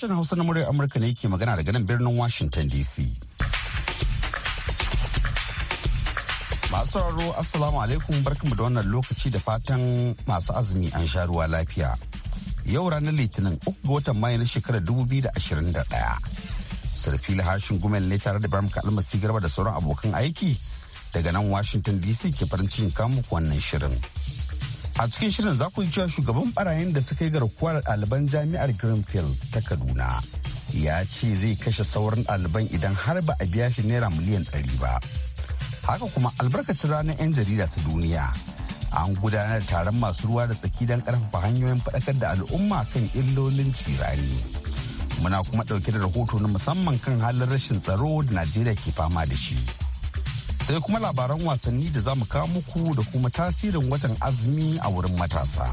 Sashen Hausa na muryar Amurka ne ke magana daga nan birnin Washington DC. Masu sauraro Assalamu alaikum barkanmu da wannan lokaci da fatan masu azumi an sha ruwa lafiya. Yau ranar Litinin uku ga watan Mayu na shekarar 2021. Sarfi hashin gumel ne tare da Bamka Almasi Garba da sauran abokan aiki daga nan Washington DC ke farin cikin kamuku wannan shirin. a cikin shirin za ku ji cewa shugaban barayin da suka yi garkuwar ɗaliban jami'ar greenfield ta kaduna ya ce zai kashe sauran ɗaliban idan har ba a biya shi naira miliyan ɗari ba haka kuma albarkacin ranar 'yan jarida ta duniya an gudanar da taron masu ruwa da tsaki don ƙarfafa hanyoyin faɗakar da al'umma kan illolin cirani muna kuma ɗauke da rahoto na musamman kan halin rashin tsaro da najeriya ke fama da shi sai kuma labaran wasanni da za mu kawo muku da kuma tasirin watan azumi a wurin matasa.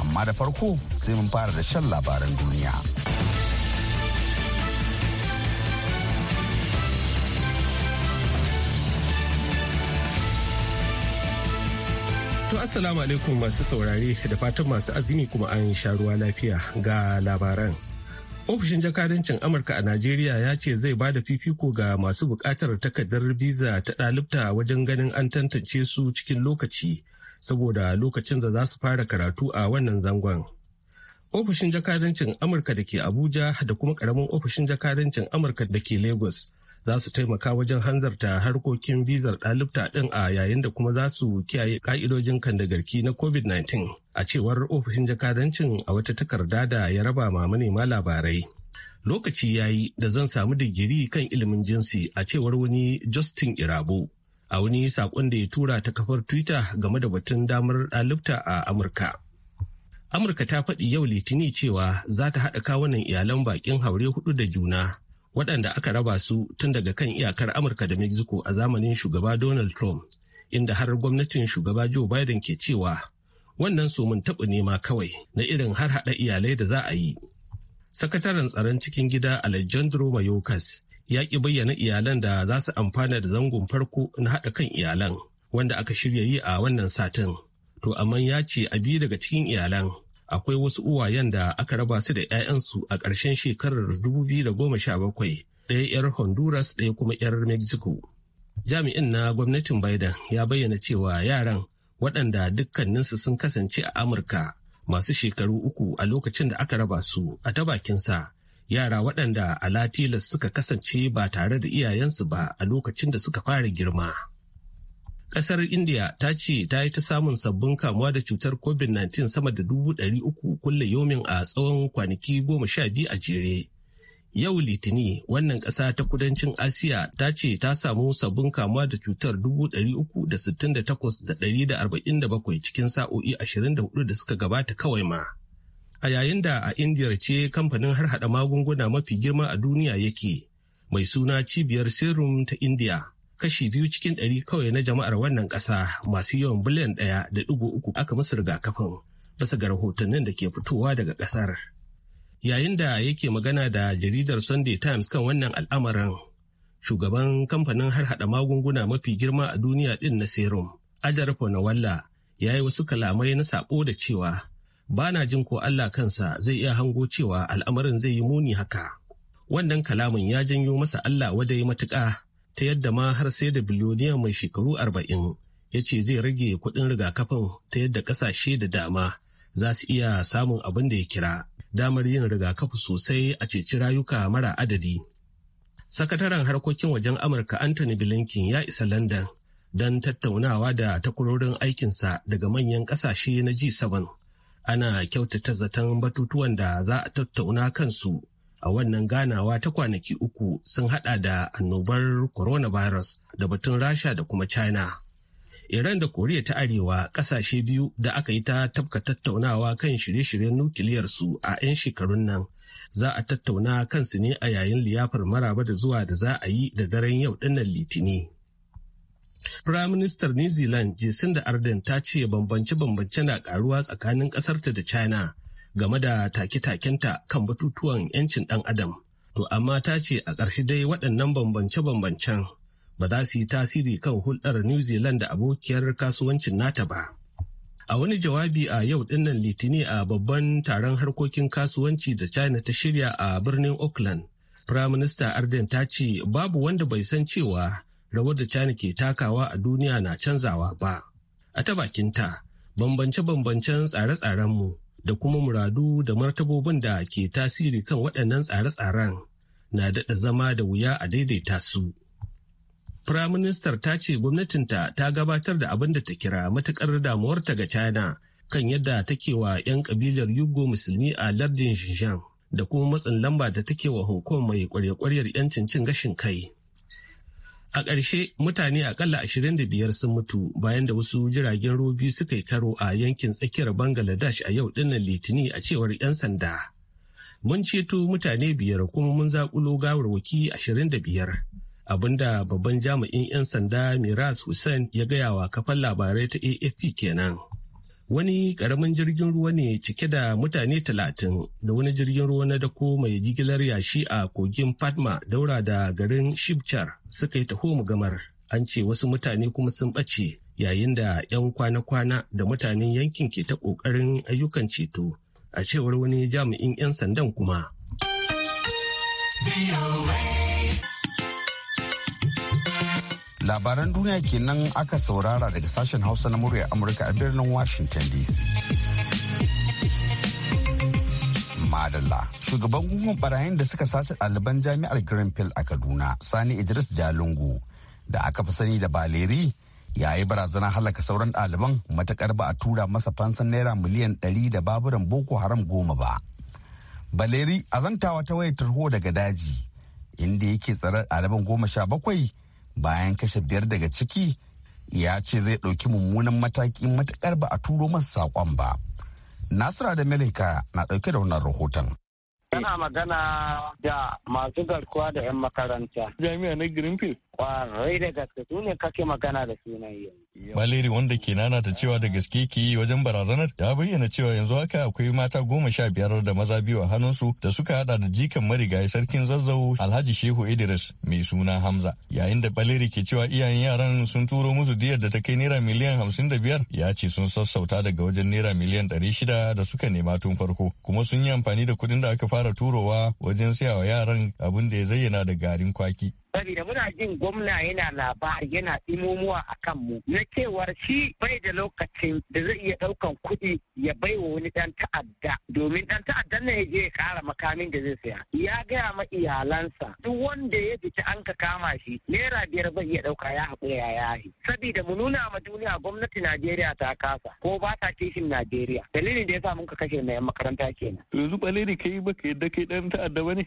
Amma da farko sai mun fara da shan labaran duniya. To Assalamu alaikum masu saurare da fatan masu azumi kuma an sha ruwa lafiya ga labaran. ofishin jakadancin amurka a najeriya ya ce zai ba da fifiko ga masu bukatar takardar biza ta ɗalibta wajen ganin an tantance su cikin lokaci saboda lokacin da za su fara karatu a wannan zangon ofishin jakadancin amurka da ke abuja da kuma karamin ofishin jakadancin amurka da ke lagos za su taimaka wajen hanzarta harkokin bizar ɗalibta ɗin a yayin da kuma za su kiyaye ƙa'idojin kandagarki na covid-19 a cewar ofishin jakadancin a wata takarda da ya raba ma manema labarai lokaci ya yi da zan samu digiri kan ilimin jinsi a cewar wani justin irabo a wani saƙon da ya tura ta kafar twitter game da batun damar ɗalibta a amurka amurka ta faɗi yau litini cewa za ta haɗa kawunan iyalan baƙin haure hudu da juna waɗanda aka raba su tun daga kan iyakar Amurka da Mexico a zamanin shugaba Donald Trump, inda har gwamnatin shugaba Joe Biden ke cewa wannan su mun taɓa nema kawai na irin har haɗa iyalai da za a yi. Sakataren tsaron cikin gida Alejandro Mayorkas ya ƙi bayyana iyalan da za su amfana da zangon farko na haɗa kan iyalan wanda aka shirya yi a wannan satin. To amma ya ce a biyu daga cikin iyalan akwai wasu uwayen da aka raba su da 'ya'yansu a ƙarshen shekarar 2017 ɗaya 'yar honduras ɗaya kuma 'yar mexico jami'in na gwamnatin biden ya bayyana cewa yaran waɗanda dukkaninsu sun kasance a amurka masu shekaru uku a lokacin da aka raba su a ta bakinsa yara waɗanda a latilas suka kasance ba tare da iyayensu ba a lokacin da suka fara girma. Kasar India ta ce ta yi ta samun sabbin kamuwa da cutar COVID-19 sama da dubu ɗari uku kulle yomin a tsawon kwanaki goma sha biyu a jere. Yau Litini wannan ƙasa ta kudancin Asiya ta ce ta samu sabbin kamuwa da cutar dubu ɗari uku da sittin da takwas da ɗari da arba'in da bakwai cikin sa'o'i ashirin da hudu da suka gabata kawai ma. A yayin da a Indiyar ce kamfanin harhaɗa magunguna mafi girma a duniya yake mai suna cibiyar serum ta Indiya. kashi biyu cikin ɗari kawai na jama'ar wannan ƙasa masu yawan biliyan ɗaya da ɗigo uku aka musu rigakafin bisa ga rahotannin da ke fitowa daga ƙasar. Yayin da yake magana da jaridar Sunday Times kan wannan al'amarin, shugaban kamfanin har harhaɗa magunguna mafi girma a duniya ɗin na serum, Ajar Fonawalla, ya yi wasu kalamai na saɓo da cewa, ba na jin ko Allah kansa zai iya hango cewa al'amarin zai yi muni haka. Wannan kalamin ya janyo masa Allah wadai matuƙa ta yadda ma har sai da biloniya mai shekaru arba'in ya ce zai rage kuɗin rigakafin ta yadda ƙasashe da dama za su iya samun abin da ya kira damar yin rigakafi sosai a ceci rayuka mara adadi. Sakataren harkokin wajen Amurka Anthony Blinken ya isa London don tattaunawa da takwarorin aikinsa daga manyan ƙasashe na G7. Ana kyautata zaton batutuwan da za a tattauna kansu a wannan ganawa ta kwanaki uku sun hada da annobar coronavirus da batun rasha da kuma china iran da koriya ta arewa kasashe biyu da aka yi ta tabka tattaunawa kan shirye-shiryen nukiliyarsu a 'yan shekarun nan za a tattauna kansu ne a yayin liyafar maraba da zuwa da za a yi da daren yau dinnan litini Firaministar New Zealand Jacinda Ardern ta ce bambance-bambance na karuwa tsakanin ƙasarta da China game da take-takenta kan batutuwan 'yancin ɗan adam. To amma ta ce a ƙarshe dai waɗannan bambance-bambancen ba za su yi tasiri kan hulɗar New Zealand da abokiyar kasuwancin nata ba. A wani jawabi a yau ɗinnan Litini a babban taron harkokin kasuwanci da China ta shirya a birnin Auckland, Prime Minister Arden ta ce babu wanda bai san cewa rawar da China ke takawa a duniya na canzawa ba. A ta bakinta, bambance-bambancen tsare-tsarenmu da kuma muradu da martabobin da ke tasiri kan waɗannan tsare-tsaren na daɗa zama da wuya a daidaita su. Firaministar ta ce gwamnatinta ta gabatar da abin da ta kira matuƙar damuwarta ga China kan yadda take wa 'yan ƙabilar Yugo Musulmi a lardin Xinjiang da kuma matsin lamba da take wa hukumar mai ƙwarya-ƙwaryar 'yancin cin gashin kai. A ƙarshe mutane akalla 25 sun mutu bayan da wasu jiragen robi suka yi karo a yankin tsakiyar Bangladesh a yau dinnan Litini a cewar 'yan sanda. Mun ceto mutane biyar kuma mun zakulo gawarwaki 25. Abinda babban jami'in 'yan sanda Miras Hussain ya gaya wa kafan labarai ta AFP kenan. wani ƙaramin jirgin ruwa ne cike da mutane talatin da wani jirgin ruwa na dako mai jigilar yashi a kogin fatma daura da garin shibchar suka yi taho gamar an ce wasu mutane kuma sun ɓace yayin da 'yan kwana-kwana da mutanen yankin ke ta ƙoƙarin ayyukan ceto a cewar wani jami'in 'yan sandan kuma. labaran duniya kenan aka saurara daga sashen hausa na muryar amurka a birnin washington dc madalla shugaban gungun barayin da suka sace ɗaliban jami'ar greenfield a kaduna sani idris jalungu da aka fi sani da baleri ya yi barazana halaka sauran ɗaliban matakar ba a tura masa fansan naira miliyan ɗari da baburan boko haram goma ba baleri a zantawa ta wayar tarho daga daji inda yake tsare ɗaliban goma sha bakwai bayan kashe biyar daga ciki ya ce zai ɗauki mummunan mataki matakar ba a turo masa saƙon ba. Nasira da Melika na ɗauke da wannan rahoton. Kana magana da masu garkuwa da 'yan makaranta. Jami'a na Greenfield. Kwarai da gaske su ne kake magana da sunan yau. Baleri wanda ke nana ta cewa da gaske ke yi wajen barazanar ya bayyana cewa yanzu haka akwai mata goma sha biyar da maza biyu a hannunsu da suka hada da jikan marigayi sarkin zazzau Alhaji Shehu Idris mai suna Hamza. Yayin da Baleri ke cewa iyayen yaran sun turo musu diyar da ta kai naira miliyan hamsin da biyar ya ce sun sassauta daga wajen naira miliyan ɗari shida da suka nema tun farko kuma sun yi amfani da kuɗin da aka fara turowa wajen wa yaran abin da ya zayyana da garin kwaki. saboda muna jin gwamna yana labari yana imomuwa a kan mu na cewar shi bai da lokacin da zai iya ɗaukan kuɗi ya bai wa wani dan ta'adda domin ɗan ta'addan nan ya je ya kara makamin da zai saya ya gaya ma iyalansa duk wanda ya fita an ka kama shi naira biyar bai iya ɗauka ya haƙura ya yahi saboda mu nuna ma duniya gwamnati Najeriya ta kasa ko ba ta kishin Najeriya dalilin da ya sa mun ka kashe mai makaranta kenan yanzu baleri kai baka yadda kai dan ta'adda ba ne.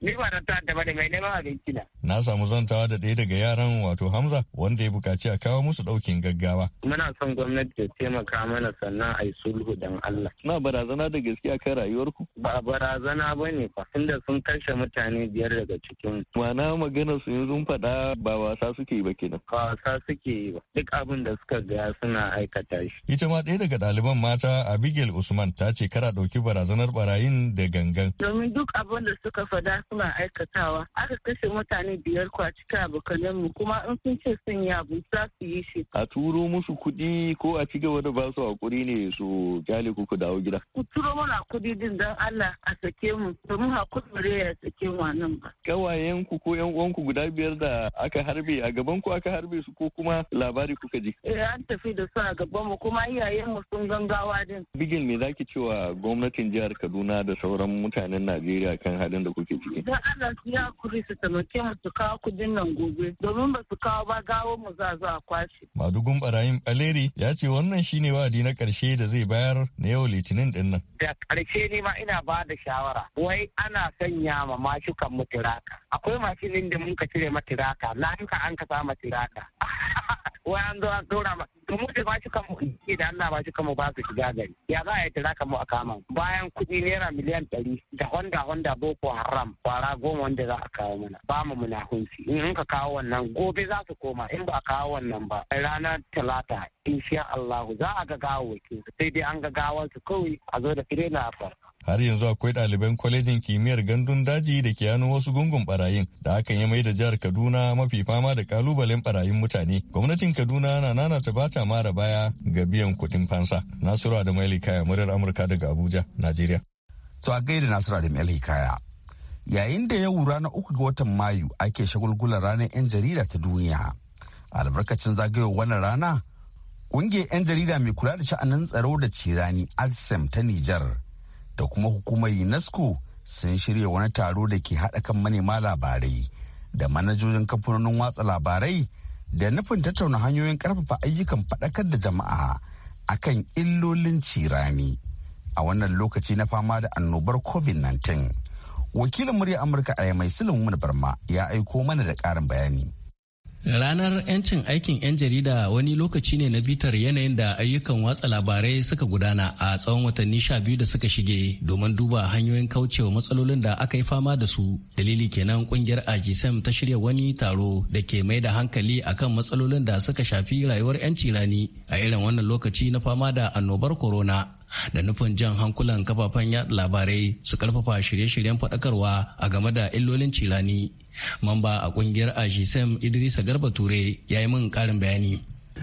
ni ba na ta bane mai neman abinci na. Na samu zantawa da ɗaya daga yaran wato Hamza wanda ya buƙaci a kawo musu ɗaukin gaggawa. Muna son gwamnati ta taimaka mana sannan a yi sulhu don Allah. Na barazana da gaskiya kan rayuwarku? Ba barazana ba ne fa tunda sun kashe mutane biyar daga cikin. Mana magana su yanzu faɗa ba wasa suke yi ba kenan. Ba wasa suke yi ba duk abin da suka gaya suna aikata shi. Ita ma ɗaya daga ɗaliban mata Abigail Usman ta ce kara ɗauki barazanar barayin da gangan. Domin duk abin da suka faɗa suna aikatawa aka kashe mutane biyar kwa cikin abokanen mu kuma in sun ce sun yi abu za su yi shi. A turo musu kuɗi ko a ci gaba da ba su hakuri ne su kyale ku dawo gida. Ku turo mana kuɗi din don Allah a sake mu domin hakuri bare ya sake mu nan ba. Kawayen ku ko yan ku guda biyar da aka harbe a gaban ku aka harbe su ko kuma labari kuka ji. Eh an tafi da su a gaban mu kuma iyayen mu sun gangawa din. Bigil me zaki cewa gwamnatin jihar Kaduna da sauran mutanen Najeriya kan haɗin da kuke ciki? idan ana ya kuri su taimake mu su kawo kudin nan gobe domin ba su kawo ba gawo mu za za a kwashe. Madugun Barayin Baleri ya ce wannan shine wa'adi na karshe da zai bayar na yau litinin din nan. Da karshe ne ma ina ba da shawara wai ana sanya ma mashukan mu tiraka. Akwai mashinin da mun ka cire ma tiraka na duka an ka sama tiraka. Wai an zo an dora ma to mu da mashukan mu ke da Allah mashukan kanmu ba su shiga gari. Ya za a yi tiraka mu a kama bayan kuɗi naira miliyan ɗari da Honda Honda Boko Haram kwara goma wanda za a kawo mana ba mu munafunci in ka kawo wannan gobe za su koma in ba kawo wannan ba A ranar talata insha allahu za a ga gawawakin sai dai an ga gawansu kawai a zo da fire na afar har yanzu akwai ɗaliban kwalejin kimiyyar gandun daji da ke hannun wasu gungun barayin da hakan ya mai da jihar kaduna mafi fama da kalubalen barayin mutane gwamnatin kaduna na nana ta bata mara baya ga biyan kuɗin fansa nasiru da maili kaya muryar amurka daga abuja najeriya to a gaida nasiru da maili kaya yayin da yau ranar uku ga watan mayu ake shagulgular ranar 'yan jarida ta duniya albarkacin zagayowar wannan rana ƙungiyar 'yan jarida mai kula da sha'anin tsaro da cirani alsem ta nijar da kuma hukumar unesco sun shirya wani taro da ke haɗa kan manema labarai da manajojin kamfanonin watsa labarai da nufin tattauna hanyoyin ƙarfafa ayyukan faɗakar da jama'a akan illolin cirani a wannan lokaci na fama da annobar covid-19 wakilin murya amurka a mai silin barma ya aiko mana da karin bayani Ranar 'yancin aikin 'yan jarida wani lokaci ne na bitar yanayin da ayyukan watsa labarai suka gudana a tsawon watanni sha biyu da suka shige domin duba hanyoyin kaucewa matsalolin da aka yi fama da su. Dalili kenan kungiyar Ajisem ta shirya wani taro da ke mai da hankali akan matsalolin da suka shafi rayuwar 'yanci rani a irin wannan lokaci na fama da annobar corona. da nufin jan hankulan kafafen yada labarai su karfafa shirye-shiryen faɗakarwa a game da illolin cirani mamba a ƙungiyar ajisem idrisa garba ture ya yi min ƙarin bayani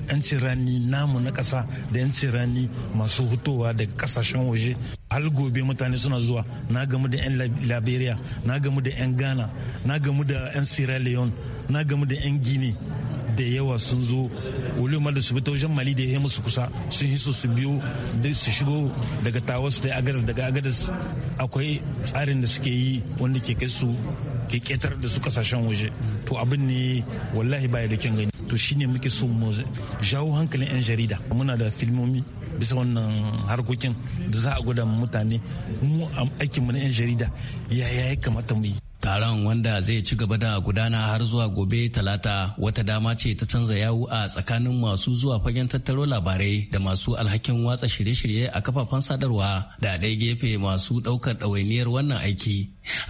yancin rani namu na ƙasa da yancin rani masu hutowa da ƙasashen waje hal gobe mutane suna zuwa na gamu da 'yan liberia na gamu da 'yan ghana na gamu da 'yan sierra leone na gamu da 'yan guinea da yawa sun zo wali da su ta wajen mali da ya musu kusa sun hiso su biyo su shigo daga tawa su da agadas daga agadas akwai tsarin da suke yi wanda ke kai su ke ketar da su kasashen waje to abin ne wallahi baya da kyan gani to shine muke so mu jawo hankalin 'yan jarida muna da filmomi bisa wannan harkokin da za a gwada mutane mu aikinmu na 'yan jarida yaya ya kamata mu yi taron wanda zai ci gaba da gudana har zuwa gobe talata wata dama ce ta canza yawu a tsakanin masu zuwa fagen tattaro labarai da masu alhakin watsa shirye-shirye a kafafen sadarwa da dai gefe masu daukar ɗawainiyar wannan aiki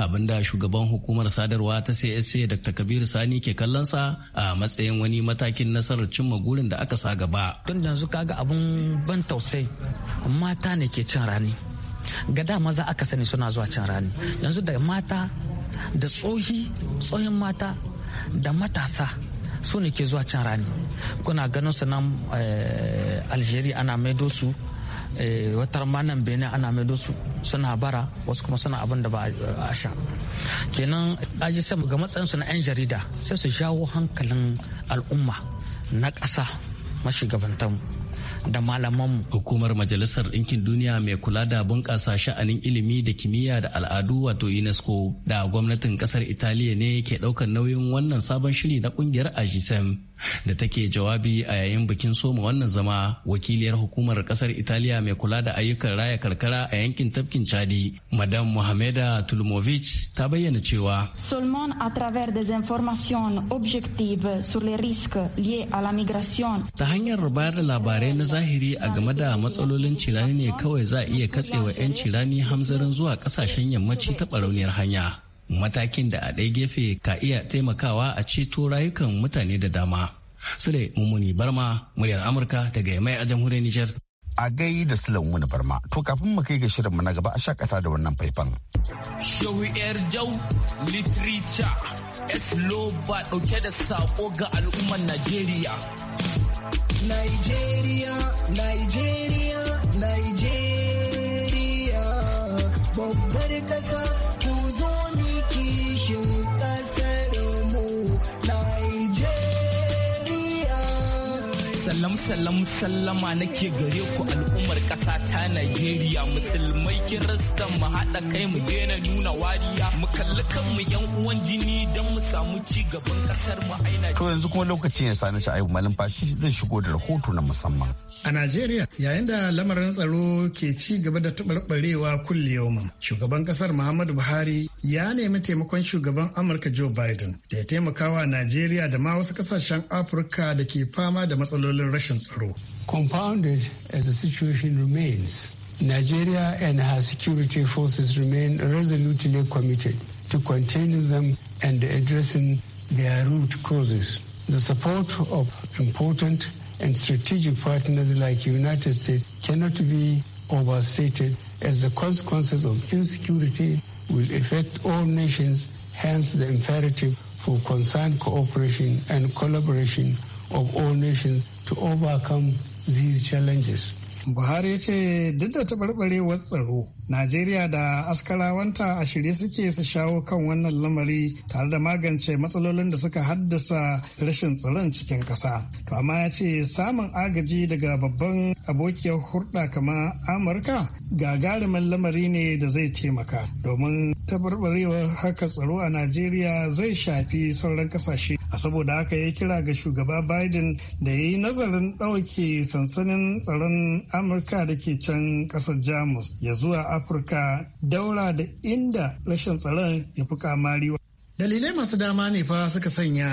abinda shugaban hukumar sadarwa ta csa dr kabiru sani ke kallonsa a matsayin wani matakin nasarar cimma gurin da aka sa gaba tun yanzu kaga abun ban tausai mata ne ke cin rani ga da maza aka sani suna zuwa cin rani yanzu da mata da tsohi tsohin mata da matasa su ne ke zuwa cin rani kuna ganin su nan eh, algeria ana maido su eh, watar manan benin ana maido su suna bara wasu kuma suna abin da ba a sha kenan aji sama ga matsayinsu na 'yan jarida sai su jawo hankalin al'umma na ƙasa mashigabantanmu da malamanmu. Hukumar Majalisar Ɗinkin Duniya mai kula da bunƙasa sha'anin ilimi da kimiyya da al'adu wato UNESCO da gwamnatin ƙasar Italiya ne ke ɗaukar nauyin wannan sabon shiri na ƙungiyar AGSEM. Da take jawabi a yayin bikin soma wannan zama wakiliyar hukumar ƙasar Italiya mai kula da ayyukan raya karkara a yankin tafkin Chadi, Madam Mohameda Tulmovic ta bayyana cewa. sulmon a travers des informations objectives sur les risques liés à la migration. Ta hanyar bayar da labarai na zahiri a game da matsalolin cirani ne kawai za a iya katsewa 'yan cirani hamzarin zuwa kasashen yammaci ta barauniyar hanya matakin da a ɗaya gefe ka iya taimakawa a ceto rayukan mutane da dama sule mummuni barma muryar amurka daga yamai a jamhuriyar nijar a gai da silan wani barma to kafin mu kai ga shirinmu na gaba a shakata da wannan faifan shawiyar jau literature slow ba dauke da sako ga al'ummar najeriya Nigeria, Nigeria, Nigeria. salam salam sallama nake gare ku al'ummar ƙasa ta Najeriya musulmai kirista mu haɗa kai mu daina nuna wariya mu kalli mu yan uwan jini don mu samu ci gaban ƙasar mu aina. To yanzu kuma lokaci ne sani sha'ibu malam fashi zai shigo da rahoto na musamman. A Najeriya yayin da lamarin tsaro ke ci gaba da taɓarɓarewa kulle yauman shugaban ƙasar Muhammadu Buhari ya nemi taimakon shugaban Amurka Joe Biden da ya taimakawa Najeriya da ma wasu kasashen Afirka da ke fama da matsalolin Compounded as the situation remains, Nigeria and her security forces remain resolutely committed to containing them and addressing their root causes. The support of important and strategic partners like the United States cannot be overstated as the consequences of insecurity will affect all nations, hence the imperative for concerned cooperation and collaboration of all nations to overcome these challenges. Buhari ya ce duk da taɓarɓarewar tsaro Najeriya da askarawanta a shirye suke su shawo kan wannan lamari tare da magance matsalolin da suka haddasa rashin tsaron cikin ƙasa. To amma ya ce samun agaji daga babban abokiyar hulɗa kama Amurka gagarumin lamari ne da zai taimaka domin taɓarɓarewar haka tsaro a Najeriya zai shafi sauran ƙasashe. A saboda haka ya kira ga shugaba Biden da ya yi nazarin ɗauke sansanin tsaron Amurka da ke can ƙasar Jamus ya zuwa afirka daura da inda rashin tsaron ya fi kamari dalilai masu dama ne fa suka sanya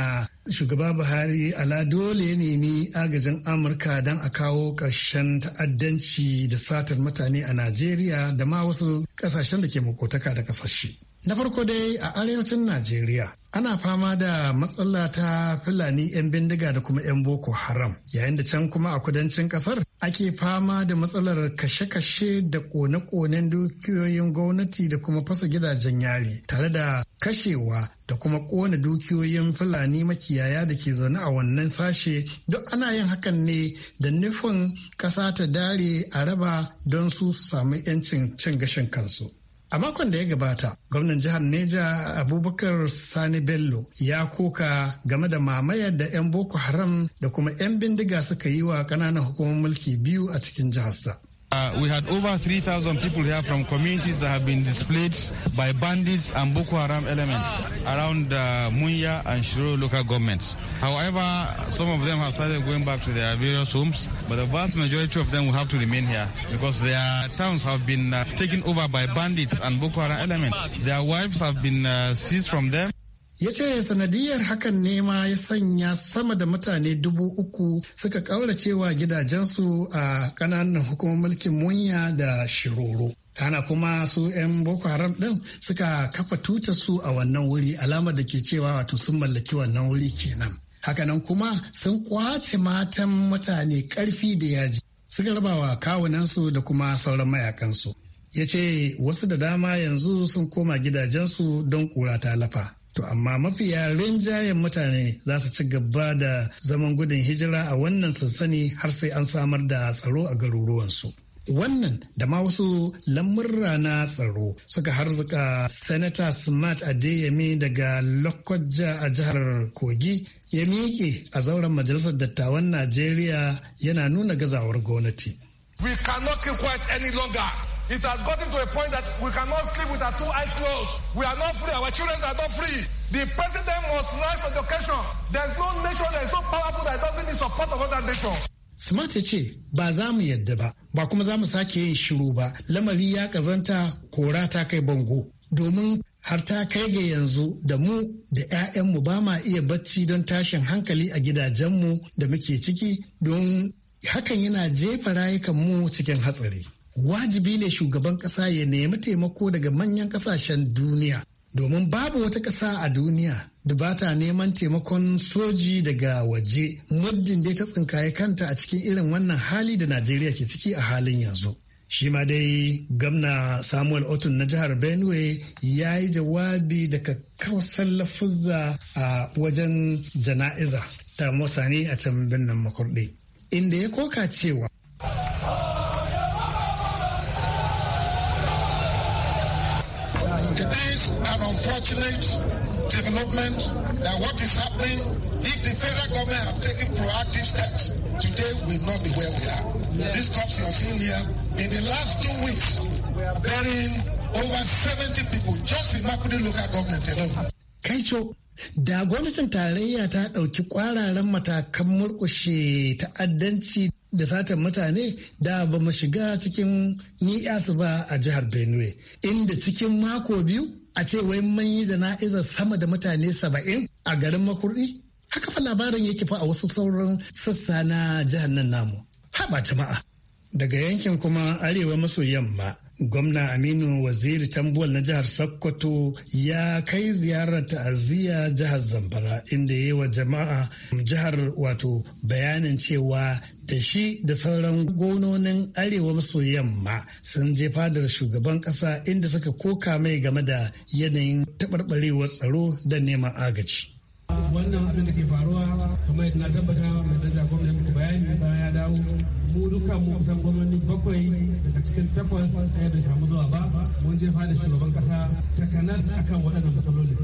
shugaba buhari ala dole ya nemi agajin amurka don a kawo ƙarshen ta'addanci da satar mutane a najeriya da ma wasu ƙasashen da ke makotaka da ƙasashe na farko dai a arewacin najeriya ana fama da matsala ta fulani 'yan bindiga da kuma 'yan boko haram yayin da can kuma a kudancin ƙasar. ake fama da matsalar kashe-kashe da kone-konen dukiyoyin gwamnati da kuma fasa gidajen yari tare da kashewa da kuma kona dukiyoyin fulani makiyaya da ke zaune a wannan sashe duk ana yin hakan ne da nufin ƙasa ta dare a raba don su samu 'yancin cin gashin kansu. A makon da ya gabata, gwamnan jihar Neja Abubakar Sani Bello ya koka game da mamayar da 'yan Boko Haram da kuma 'yan bindiga suka yi wa ƙananan hukumar mulki biyu a cikin jiharsa. Uh, we had over 3,000 people here from communities that have been displaced by bandits and Boko Haram elements around uh, Munya and Shiro local governments. However, some of them have started going back to their various homes, but the vast majority of them will have to remain here because their towns have been uh, taken over by bandits and Boko Haram elements. Their wives have been uh, seized from them. ya ce sanadiyar hakan nema ya sanya sama da mutane dubu uku suka cewa gidajensu a kananan hukumar mulkin munya da shiroro kana kuma su 'yan boko haram ɗin suka kafa tuta su a wannan wuri alamar da ke cewa wato sun mallaki wannan wuri kenan hakanan kuma sun kwace matan mutane ƙarfi da yaji suka raba rabawa kawunansu da kuma sauran mayakansu ya ce wasu da dama yanzu sun koma gidajensu don kura ta lafa To amma mafiya rinjayen mutane za su ci gaba da zaman gudun hijira a wannan sansani har sai an samar da tsaro a garuruwansu. Wannan da ma wasu lamurra na tsaro suka harzuka Sanata Smart Adeyemi daga Lokoja a jihar Kogi ya miƙe a zauren Majalisar Dattawan Najeriya yana nuna gazawar gwamnati. We cannot keep quiet any longer. It has gotten to a point that we cannot sleep with our two eyes closed. We are not free. Our children are not free. The president must rise to the occasion. There's no nation that is so powerful that it doesn't need support of other nations. Smart ya ce ba za mu yadda ba, ba kuma za mu sake yin shiru ba, lamari ya kazanta kora ta kai bango. Domin har ta kai ga yanzu da mu da 'ya'yanmu ba ma iya bacci don tashin hankali a gidajenmu da muke ciki don hakan yana jefa mu cikin hatsari. wajibi ne shugaban kasa ya nemi taimako daga manyan kasashen duniya domin babu wata kasa a duniya da ba ta neman taimakon soji daga waje muddin dai ta tsinkaye kanta a cikin irin wannan hali da najeriya ke ciki a halin yanzu shi ma dai gamna samuel otun na jihar benue ya yi jawabi daga kausar lafuzza a wajen jana'iza ta mutane a can birnin makurɗe inda ya koka cewa an unfortunate development that what is happening if the federal government have taken proactive steps, today we will not be where we are. Yes. This cops you are seeing here, in the last two weeks, we are burying over 70 people just in Makudi local government alone. Kaicho, da gwamnatin tarayya ta ɗauki kwararan matakan murƙushe ta'addanci da satan mutane da ba mu shiga cikin ni'yasu ba a jihar benue inda cikin mako biyu a ce wai mun yi jana'izar sama da mutane saba'in a garin makurdi haka fa labarin yake fa a wasu sauran sassa na jihar nan namu haba jama'a daga yankin kuma arewa maso yamma gwamna aminu waziri tambuwal na jihar sokoto ya kai ziyarar ta'aziyya jihar zamfara inda ya yi wa jama'a jihar wato bayanin cewa da shi da sauran gononin arewa maso yamma sun je fadar shugaban kasa inda suka koka mai game da yanayin taɓarɓarewar tsaro da neman agaji wannan abin da ke faruwa kamar na tabbata mai daraja gwamnati muku bayani bayan ya dawo mu duka mu kusan gwamnati bakwai daga cikin takwas ɗaya bai samu zuwa ba mun je fada shugaban kasa takanas akan waɗannan matsaloli.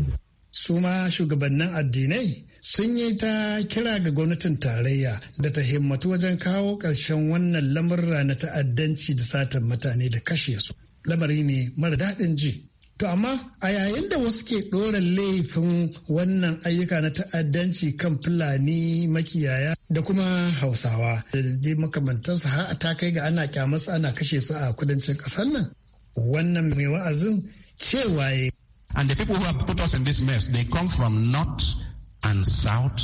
su ma shugabannin addinai sun yi ta kira ga gwamnatin tarayya da ta himmatu wajen kawo ƙarshen wannan lamurra na ta'addanci da satan mutane da kashe su lamari ne mara daɗin ji To amma a yayin da wasu ke ɗora laifin wannan ayyuka na ta'addanci kan Fulani makiyaya da kuma Hausawa da dai makamantansa har a ta kai ga ana kyamasa ana kashe su a kudancin ƙasar nan. Wannan mai wa'azin cewa ya. And the people who have put us in this mess, they come from north and south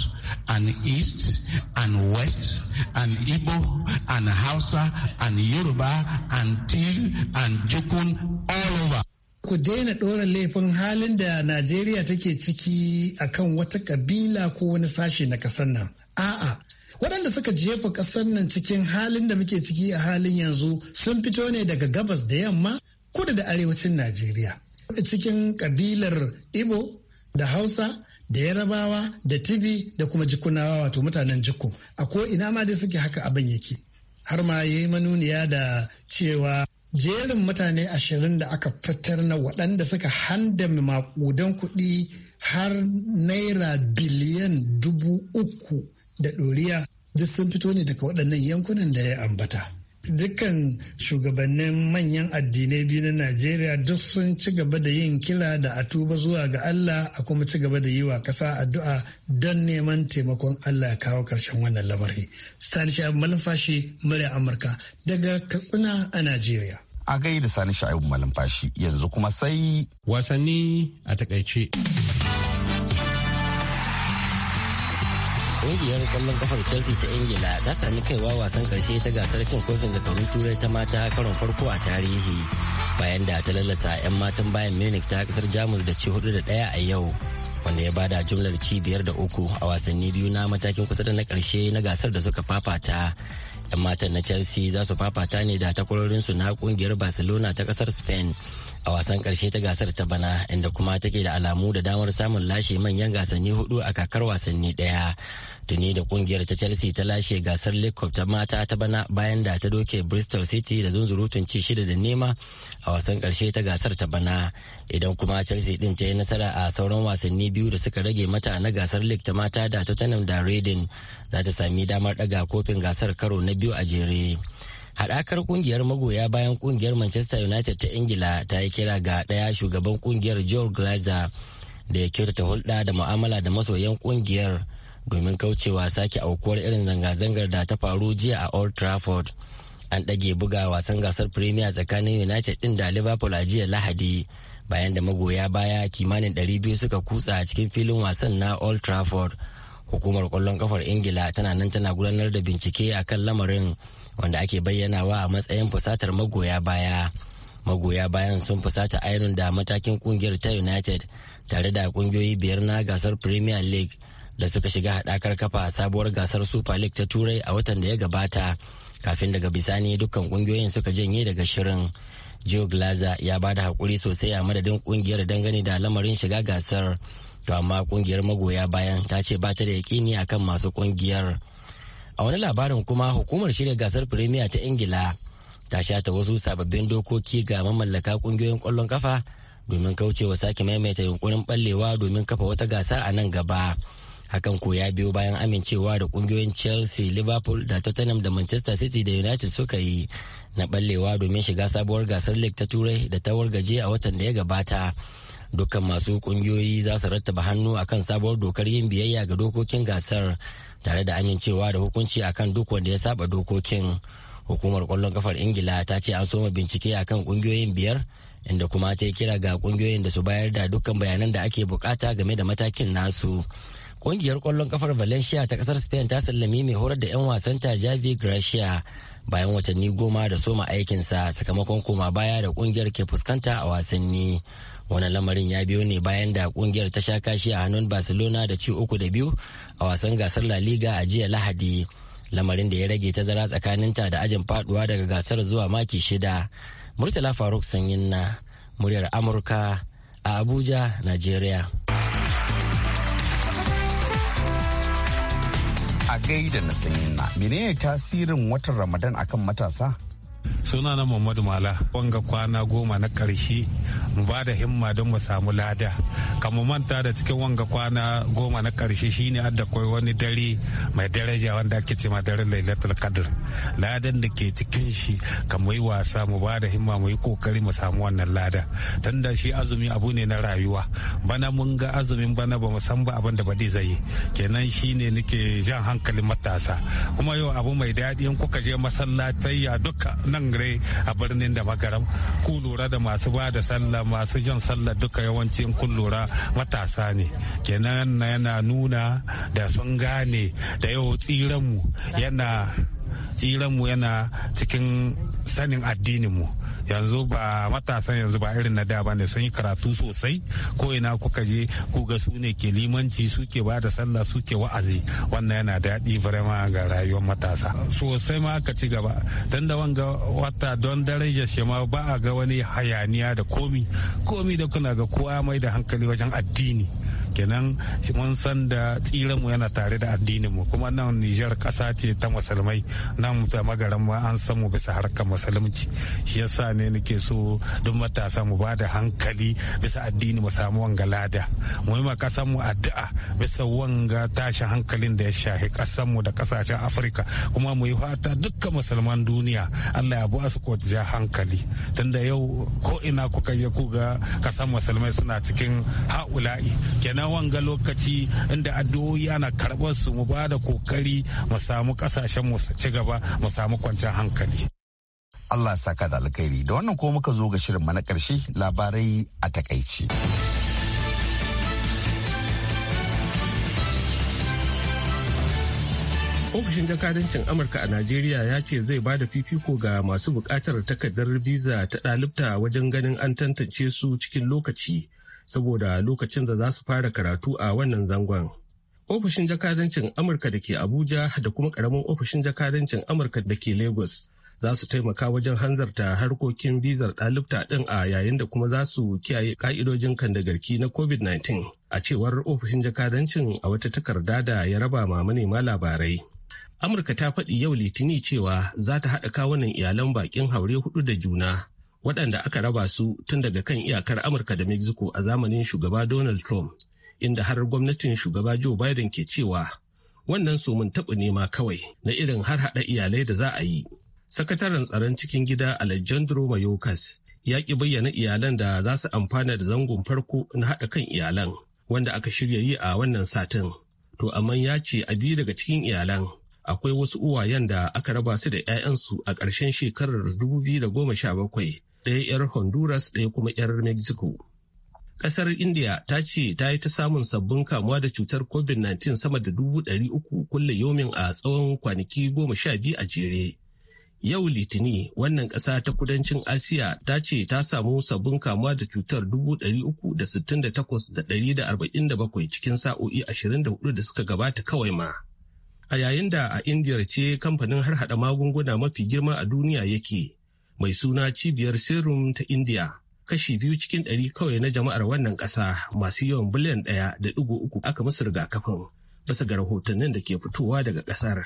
and east and west and Igbo and Hausa and Yoruba and Til and Jukun all over. ku daina ɗora laifin halin da Najeriya take ciki akan wata kabila ko wani sashe na ƙasar nan. A'a, waɗanda suka jefa ƙasar nan cikin halin da muke ciki a halin yanzu sun fito ne daga gabas da yamma kudu da arewacin Najeriya. Cikin kabilar Ibo da Hausa da Yarabawa da Tibi da kuma Jikunawa wato mutanen Jikku. A ko ina ma dai suke haka abin yake. Har ma ya yi manuniya da cewa jerin mutane ashirin da aka fitar na waɗanda suka handame makudan kuɗi har naira biliyan dubu uku da ɗoriya duk sun fito ne daga waɗannan yankunan da ya ambata. dukkan shugabannin manyan addinai biyu na najeriya duk sun ci gaba da yin kila da a tuba zuwa ga allah a kuma ci gaba da yi wa kasa addu'a don neman taimakon allah ya kawo karshen wannan lamari sani Shaibu malumfashi murya amurka daga katsina a najeriya a gaida sani Shaibu malumfashi yanzu kuma sai wasanni a takaice kungiyar kwallon kafar chelsea ta ingila ta sami kaiwa wasan karshe ta gasar cin kofin zakarun turai ta mata karon farko a tarihi bayan da ta lalasa 'yan matan bayan munich ta kasar jamus da ci hudu da daya a yau wanda ya bada jumlar ci biyar da uku a wasanni biyu na matakin kusa da na karshe na gasar da suka fafata 'yan matan na chelsea za su fafata ne da takwarorinsu na kungiyar barcelona ta kasar spain a wasan karshe ta gasar ta bana inda kuma take da alamu da damar samun lashe manyan gasanni hudu a kakar wasanni daya tuni da kungiyar ta chelsea ta lashe gasar league ta mata ta bana bayan da ta doke bristol city da zunzurutun ci shida da nema a wasan karshe ta gasar ta bana idan kuma chelsea din ta yi nasara a sauran wasanni biyu da suka rage mata na gasar league ta mata da tottenham da reading za ta sami damar daga kofin gasar karo na biyu a jere haɗakar ƙungiyar magoya bayan ƙungiyar manchester united ta ingila ta yi kira ga ɗaya shugaban ƙungiyar joel glazer da ya ta hulɗa da mu'amala da masoyan ƙungiyar, domin kaucewa sake aukuwar irin zanga-zangar da ta faru jiya a old trafford an ɗage buga wasan gasar premier tsakanin united ɗin da liverpool a jiya lahadi bayan da magoya baya kimanin 200 suka kutsa a cikin filin wasan na old trafford hukumar kwallon kafar ingila tana nan tana gudanar da bincike akan lamarin wanda ake bayyanawa a matsayin fusatar magoya baya magoya bayan sun fusata ainun da matakin kungiyar ta united tare da kungiyoyi biyar na gasar premier league da suka shiga hadakar kafa sabuwar gasar super league ta turai a watan da ya gabata kafin daga bisani dukkan kungiyoyin suka janye daga shirin joe glazer ya ba da haƙuri sosai a madadin kungiyar dangane da lamarin shiga gasar to amma kungiyar magoya bayan ta ce ba ta da yaƙini akan masu kungiyar. a wani labarin kuma hukumar shirya gasar firimiya ta ingila ta shata wasu sababbin dokoki ga mamallaka kungiyoyin kwallon kafa domin kaucewa sake maimaita yunkurin ballewa domin kafa wata gasa a nan gaba hakan ko ya biyo bayan amincewa da kungiyoyin chelsea liverpool da tottenham da manchester city da united suka yi na ballewa domin shiga sabuwar gasar league ta turai da ta wargaje a watan da ya gabata dukkan masu kungiyoyi za su rattaba hannu akan sabuwar dokar yin biyayya ga dokokin gasar tare da amincewa da hukunci akan duk wanda ya saba dokokin hukumar kwallon kafar ingila ta ce an soma bincike akan kungiyoyin biyar inda kuma ta yi kira ga kungiyoyin da su bayar da dukkan bayanan da ake bukata game da matakin nasu kungiyar kwallon kafar valencia ta kasar spain ta sallami mai horar da 'yan wasan ta javi gracia bayan watanni goma da soma aikinsa sakamakon koma baya da kungiyar ke fuskanta a wasanni wani lamarin ya biyo ne bayan da kungiyar ta sha kashi a hannun barcelona da ci uku da biyu a wasan gasar la liga a jiya lahadi lamarin da ya rage tazara ta da ajin faduwa daga gasar zuwa maki shida murtala faruk sanyin na muryar amurka a abuja nigeria a gaida na sanyin na menene tasirin watan ramadan akan matasa suna na muhammadu mala wanga kwana goma na karshe mu ba da himma don mu samu lada kamu manta da cikin wanga kwana goma na karshe shine adda koi wani dare mai daraja wanda ake ce ma dare lailatul qadr ladan da ke cikin shi ka mu yi wasa mu ba da himma mu yi kokari mu samu wannan lada tunda shi azumi abu ne na rayuwa bana mun ga azumin bana ba mu san ba abin da ba zai yi kenan shine nake jan hankalin matasa kuma yau abu mai daɗi in kuka je masallatai ya duka nan gare a birnin da magaram ku lura da masu ba da sallah masu jan sallah duka yawanci kun lura matasa ne kenan yana nuna da sun gane da yau tsiranmu yana tsiranmu yana cikin sanin addininmu yanzu ba matasan yanzu ba irin na da ba ne sun yi karatu sosai ko ina kuka je ga su ne ke limanci suke ba da sallah suke wa'azi wannan yana daɗi vraiment ga rayuwar matasa sosai ma aka ci gaba don da wanga wata don daraja shi ma ba a ga wani hayaniya da komi komi da kuna ga kowa mai da hankali wajen addini kenan mun san da mu yana tare da addinin mu kuma nan nijar kasa ce ta musulmai nan da magaran ma an samu bisa harkar musulunci shi yasa ne ne nake so duk matasa mu ba da hankali bisa addini mu samu wanga lada mu yi kasan mu addu'a bisa wanga tashin hankalin da ya shahi kasan mu da kasashen afirka kuma mu yi fata dukkan musulman duniya allah ya ba su ko ja hankali tunda yau ko ina kuka yi ku kasan musulmai suna cikin haula'i kenan wanga lokaci inda addu'o'i ana karɓar su mu ba da kokari mu samu kasashen mu ci gaba mu samu kwanciyar hankali Allah saka da alkhairi da wannan ko muka zo ga shirin na karshe labarai a takaici. Ofishin jakadancin Amurka a Najeriya ya ce zai ba da fifiko ga masu bukatar takardar biza ta ɗalibta wajen ganin an tantance su cikin lokaci saboda lokacin da za su fara karatu a wannan zangon. Ofishin jakadancin Amurka da ke Abuja da kuma ƙaramin ofishin jakadancin Amurka da ke Lagos za su taimaka wajen hanzarta harkokin bizar ɗalibta ɗin a yayin da kuma za su kiyaye ƙa'idojin kandagarki na covid-19 a cewar ofishin jakadancin a wata takarda da ya raba ma manema labarai amurka ta faɗi yau litini cewa za ta haɗa kawunan iyalan baƙin haure hudu da juna waɗanda aka raba su tun daga kan iyakar amurka da mexico a zamanin shugaba donald trump inda har gwamnatin shugaba joe biden ke cewa wannan su mun taɓa nema kawai na irin har haɗa iyalai da za a yi sakataren tsaron cikin gida alejandro mayorkas ya ki bayyana iyalan da za su amfana da zangon farko na haɗa kan iyalan wanda aka shirya yi a wannan satin to amma ya ce a biyu daga cikin iyalan akwai wasu uwayen da aka raba su da 'ya'yansu a ƙarshen shekarar 2017 ɗaya 'yar honduras ɗaya kuma 'yar mexico ƙasar india ta ce ta yi ta samun sabbin kamuwa da cutar covid-19 sama da dubu ɗari uku kulle yomin a tsawon kwanaki goma sha biyu a jere Yau Litini wannan ƙasa ta kudancin Asiya ta ce ta samu sabbin kamuwa da cutar 368,147 cikin sa'o'i 24 da suka gabata kawai ma. A yayin da a Indiyar ce kamfanin har hada magunguna mafi girma a duniya yake mai suna cibiyar serum ta Indiya. Kashi biyu cikin ɗari kawai na jama'ar wannan ƙasa masu yawan biliyan ɗaya da ɗigo uku aka musu rigakafin bisa ga rahotannin da ke fitowa daga ƙasar.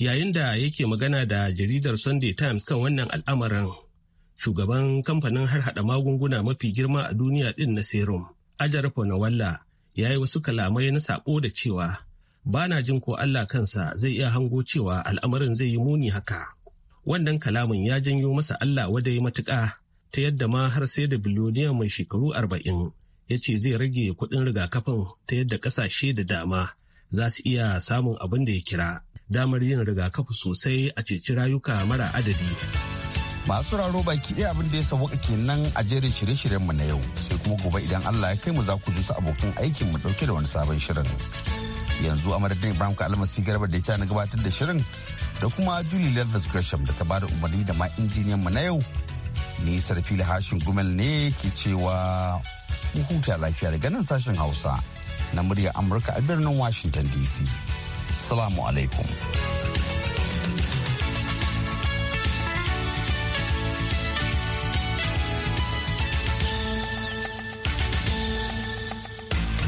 yayin da yake magana da jaridar sunday times kan wannan al'amarin shugaban kamfanin harhaɗa magunguna mafi girma a duniya ɗin na serum ajar fonawalla ya yi wasu kalamai na saɓo da cewa ba na jin ko allah kansa zai iya hango cewa al'amarin zai yi muni haka wannan kalamin ya janyo masa allah wadai matuƙa ta yadda ma har sai da biloniya mai shekaru arba'in ya ce zai rage kuɗin rigakafin ta yadda ƙasashe da dama za su iya samun abin da ya kira damar yin rigakafi sosai a ceci rayuka mara adadi. Masu raro baki ɗaya abin da ya sabuka kenan a jerin shirye-shiryenmu na yau sai kuma gobe idan Allah ya kai mu za ku ji su abokan aikin mu ɗauke da wani sabon shirin. Yanzu a madadin Ibrahim ka almasi garba da ta na gabatar da shirin da kuma Julie Lalbas Gresham da ta bada umarni da ma injiniyan mu na yau. Ni Sarfili Hashin Gumel ne ke cewa mu huta lafiya daga nan sashen Hausa. na muryar Amurka a birnin Washington DC. Salamu alaikum.